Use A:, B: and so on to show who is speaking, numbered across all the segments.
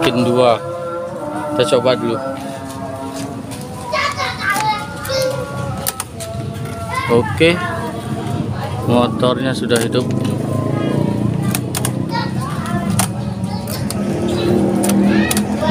A: bikin dua kita coba dulu oke motornya sudah hidup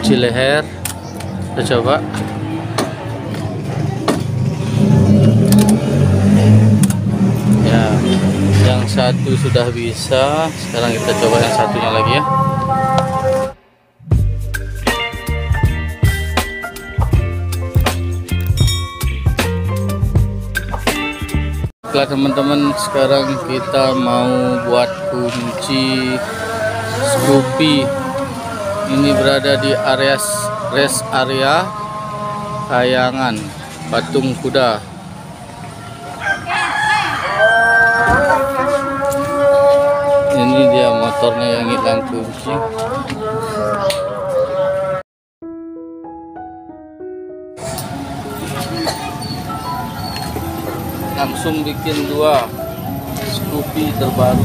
A: cuci leher kita coba ya yang satu sudah bisa sekarang kita coba yang satunya lagi ya baiklah teman-teman sekarang kita mau buat kunci Scoopy ini berada di area rest area kayangan patung kuda ini dia motornya yang hilang kunci langsung bikin dua Scoopy terbaru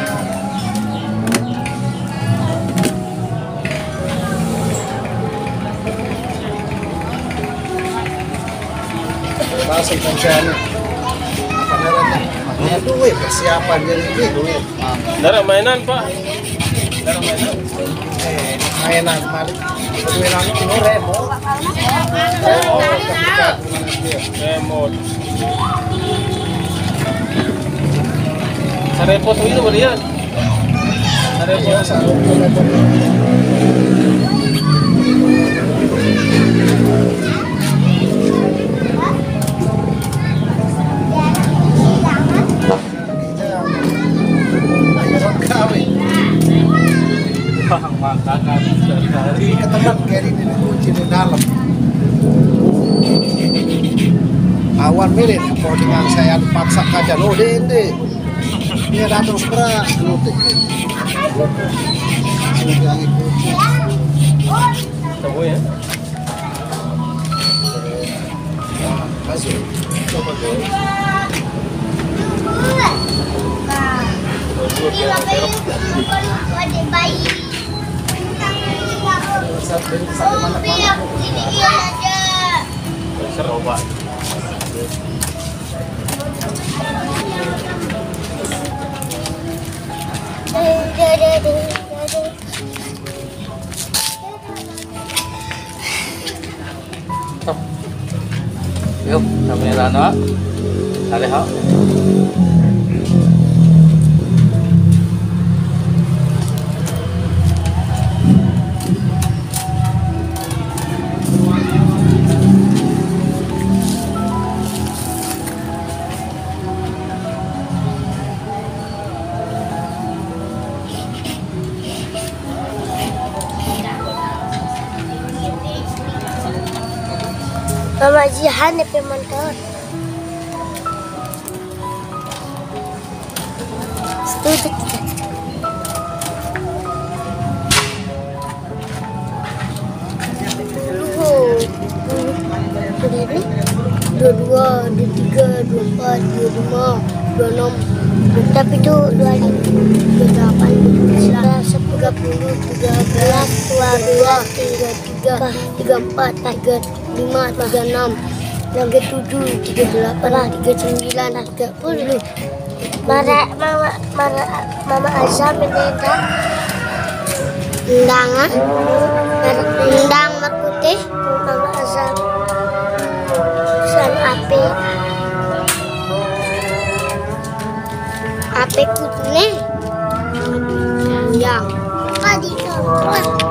A: bahasa Indonesia makanya duit persiapan jadi duit dari mainan pak dari mainan eh, mainan mari mainan itu remo remo remo Sarepot itu berian. Sarepot. kali ke ini awan kalau dengan saya dipaksa kaca oh deh deh dia datang sepera lutik sudah ikuti tunggu ya kasih coba dulu Terima kasih. bisa beli sate ini aja Yuk, kami lanjut. Ada hal. mama jihan ya Student ka. Ini dua dua, dua tiga, dua empat, dua lima, dua enam. Tapi itu dua lima, dua delapan, sepuluh, tiga belas, dua dua, tiga tiga, tiga empat, tiga 7, 3, 8, 3, 9, 30. Mara, mama, mama, ah. mama Azam menendang undangan, undang makutih, mama Azam san api, api kutne, ya. kau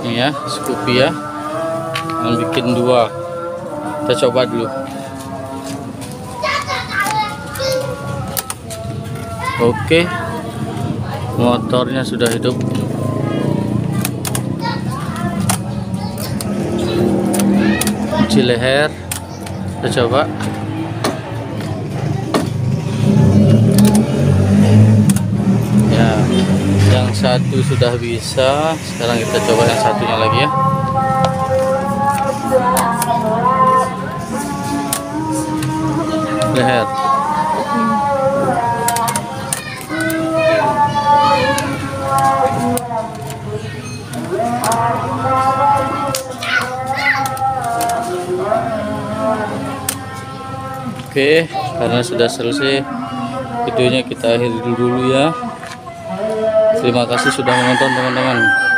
A: tempatnya ya Scoopy ya yang bikin dua kita coba dulu oke motornya sudah hidup kunci leher kita coba satu sudah bisa sekarang kita coba yang satunya lagi ya Lihat. Oke, karena sudah selesai videonya kita akhiri dulu ya. Terima kasih sudah menonton teman-teman.